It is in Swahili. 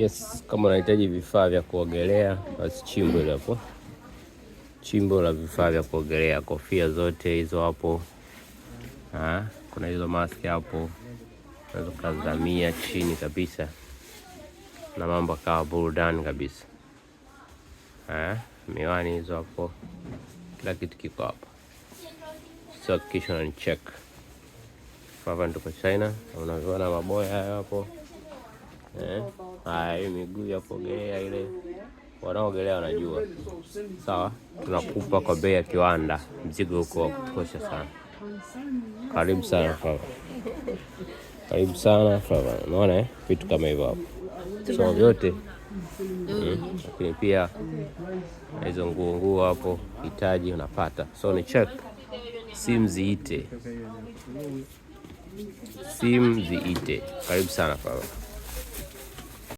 Yes, kama unahitaji vifaa vya kuogelea basi chimbo ile hapo, chimbo la vifaa vya kuogelea, kofia zote hizo hapo. Ha, kuna hizo maski hapo, unaweza kuzamia chini kabisa na mambo akawa burudani kabisa. Ha, miwani hizo hapo, kila kitu kiko hapo, so kisha unanicheck. Hapa niko China, unaviona maboya hayo hapo. Eh? haya haya miguu ya kuogelea ile, wanaogelea wanajua. Sawa, tunakupa kwa bei ya kiwanda, mzigo huko wa kutosha sana. Karibu sana Flava, karibu sana Flava. Unaona eh, vitu kama hivyo hapo, so vyote hmm? lakini pia hizo nguo nguo hapo hitaji unapata, so ni check simu ziite, simu ziite. Karibu sana Flava.